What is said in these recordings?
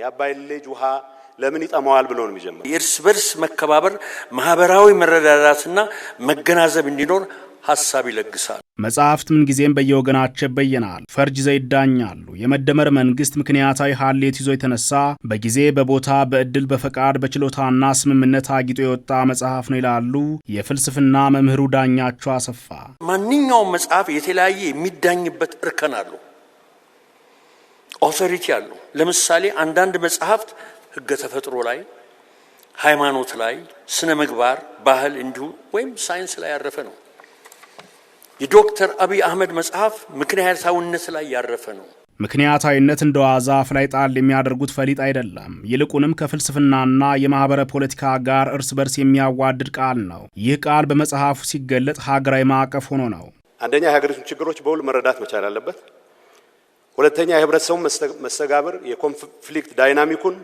የአባይ ልጅ ውሃ ለምን ይጠማዋል ብሎ ነው የሚጀምረው። የእርስ በርስ መከባበር፣ ማህበራዊ መረዳዳትና መገናዘብ እንዲኖር ሀሳብ ይለግሳል። መጽሐፍት ምን ጊዜም በየወገናቸው በየናል ፈርጅ ይዳኛሉ። የመደመር መንግስት ምክንያታዊ ሀሌት ይዞ የተነሳ በጊዜ በቦታ በእድል በፈቃድ በችሎታና ስምምነት አጊጦ የወጣ መጽሐፍ ነው ይላሉ የፍልስፍና መምህሩ ዳኛቸው አሰፋ። ማንኛውም መጽሐፍ የተለያየ የሚዳኝበት እርከን አለው። ኦቶሪቲ አለው። ለምሳሌ አንዳንድ መጽሐፍት ህገ ተፈጥሮ ላይ፣ ሃይማኖት ላይ፣ ስነ ምግባር፣ ባህል እንዲሁ ወይም ሳይንስ ላይ ያረፈ ነው። የዶክተር አብይ አህመድ መጽሐፍ ምክንያታዊነት ላይ ያረፈ ነው። ምክንያታዊነት እንደ ዋዛ አፍ ላይ ጣል የሚያደርጉት ፈሊጥ አይደለም። ይልቁንም ከፍልስፍናና የማኅበረ ፖለቲካ ጋር እርስ በርስ የሚያዋድድ ቃል ነው። ይህ ቃል በመጽሐፉ ሲገለጥ ሀገራዊ ማዕቀፍ ሆኖ ነው። አንደኛ የሀገሪቱን ችግሮች በውል መረዳት መቻል አለበት። ሁለተኛ የህብረተሰቡ መስተጋብር የኮንፍሊክት ዳይናሚኩን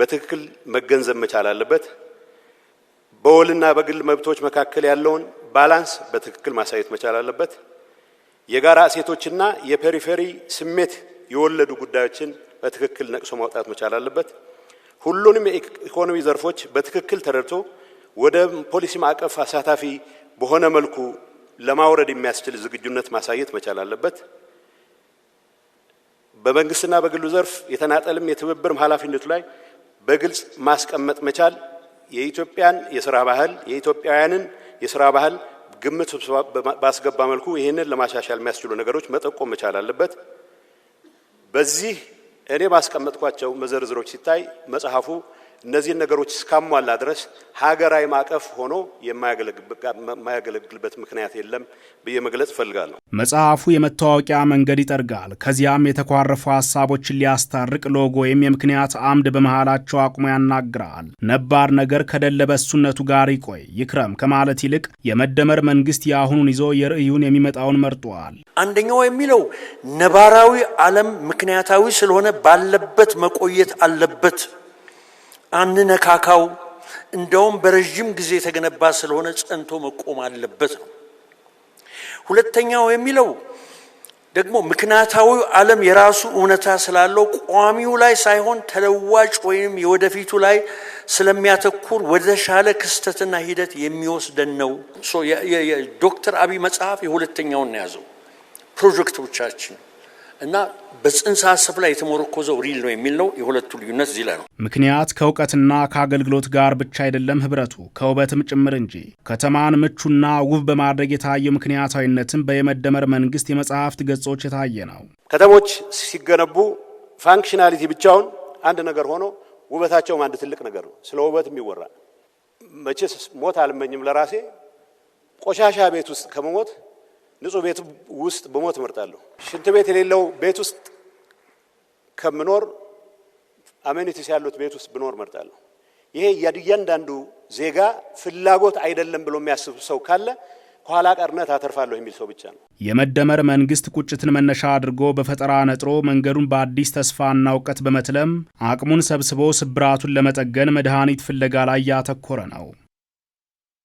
በትክክል መገንዘብ መቻል አለበት። በወልና በግል መብቶች መካከል ያለውን ባላንስ በትክክል ማሳየት መቻል አለበት። የጋራ እሴቶችና የፔሪፌሪ ስሜት የወለዱ ጉዳዮችን በትክክል ነቅሶ ማውጣት መቻል አለበት። ሁሉንም የኢኮኖሚ ዘርፎች በትክክል ተረድቶ ወደ ፖሊሲ ማዕቀፍ አሳታፊ በሆነ መልኩ ለማውረድ የሚያስችል ዝግጁነት ማሳየት መቻል አለበት። በመንግስትና በግሉ ዘርፍ የተናጠልም የትብብርም ኃላፊነቱ ላይ በግልጽ ማስቀመጥ መቻል የኢትዮጵያን የስራ ባህል የኢትዮጵያውያንን የስራ ባህል ግምት ባስገባ መልኩ ይህንን ለማሻሻል የሚያስችሉ ነገሮች መጠቆም መቻል አለበት። በዚህ እኔ ማስቀመጥኳቸው መዘርዝሮች ሲታይ መጽሐፉ እነዚህን ነገሮች እስካሟላ ድረስ ሀገራዊ ማዕቀፍ ሆኖ የማያገለግልበት ምክንያት የለም ብዬ መግለጽ እፈልጋለሁ። መጽሐፉ የመታወቂያ መንገድ ይጠርጋል። ከዚያም የተኳረፉ ሀሳቦችን ሊያስታርቅ ሎጎ ወይም የምክንያት አምድ በመሃላቸው አቁሞ ያናግራል። ነባር ነገር ከደለበ እሱነቱ ጋር ይቆይ ይክረም ከማለት ይልቅ የመደመር መንግስት የአሁኑን ይዞ የርእዩን የሚመጣውን መርጧል። አንደኛው የሚለው ነባራዊ ዓለም ምክንያታዊ ስለሆነ ባለበት መቆየት አለበት አንነካካው፣ እንደውም በረዥም ጊዜ የተገነባ ስለሆነ ጸንቶ መቆም አለበት ነው። ሁለተኛው የሚለው ደግሞ ምክንያታዊው ዓለም የራሱ እውነታ ስላለው ቋሚው ላይ ሳይሆን ተለዋጭ ወይም የወደፊቱ ላይ ስለሚያተኩር ወደተሻለ ክስተትና ሂደት የሚወስደን ነው። ዶክተር አብይ መጽሐፍ የሁለተኛውን ያዘው ፕሮጀክቶቻችን እና በጽንሰ ሀሳብ ላይ የተሞረኮዘው ሪል ነው የሚል ነው። የሁለቱ ልዩነት እዚህ ላይ ነው። ምክንያት ከእውቀትና ከአገልግሎት ጋር ብቻ አይደለም ህብረቱ ከውበትም ጭምር እንጂ። ከተማን ምቹና ውብ በማድረግ የታየው ምክንያታዊነትም በየመደመር መንግስት የመጽሐፍት ገጾች የታየ ነው። ከተሞች ሲገነቡ ፋንክሽናሊቲ ብቻውን አንድ ነገር ሆኖ ውበታቸውም አንድ ትልቅ ነገር ነው። ስለ ውበት የሚወራ መቼስ ሞት አልመኝም ለራሴ ቆሻሻ ቤት ውስጥ ከመሞት ንጹህ ቤት ውስጥ በሞት እመርጣለሁ። ሽንት ቤት የሌለው ቤት ውስጥ ከምኖር አሜኒቲስ ያሉት ቤት ውስጥ ብኖር እመርጣለሁ። ይሄ እያንዳንዱ ዜጋ ፍላጎት አይደለም ብሎ የሚያስብ ሰው ካለ ኋላ ቀርነት አተርፋለሁ የሚል ሰው ብቻ ነው። የመደመር መንግስት ቁጭትን መነሻ አድርጎ በፈጠራ ነጥሮ መንገዱን በአዲስ ተስፋና እውቀት በመትለም አቅሙን ሰብስቦ ስብራቱን ለመጠገን መድኃኒት ፍለጋ ላይ ያተኮረ ነው።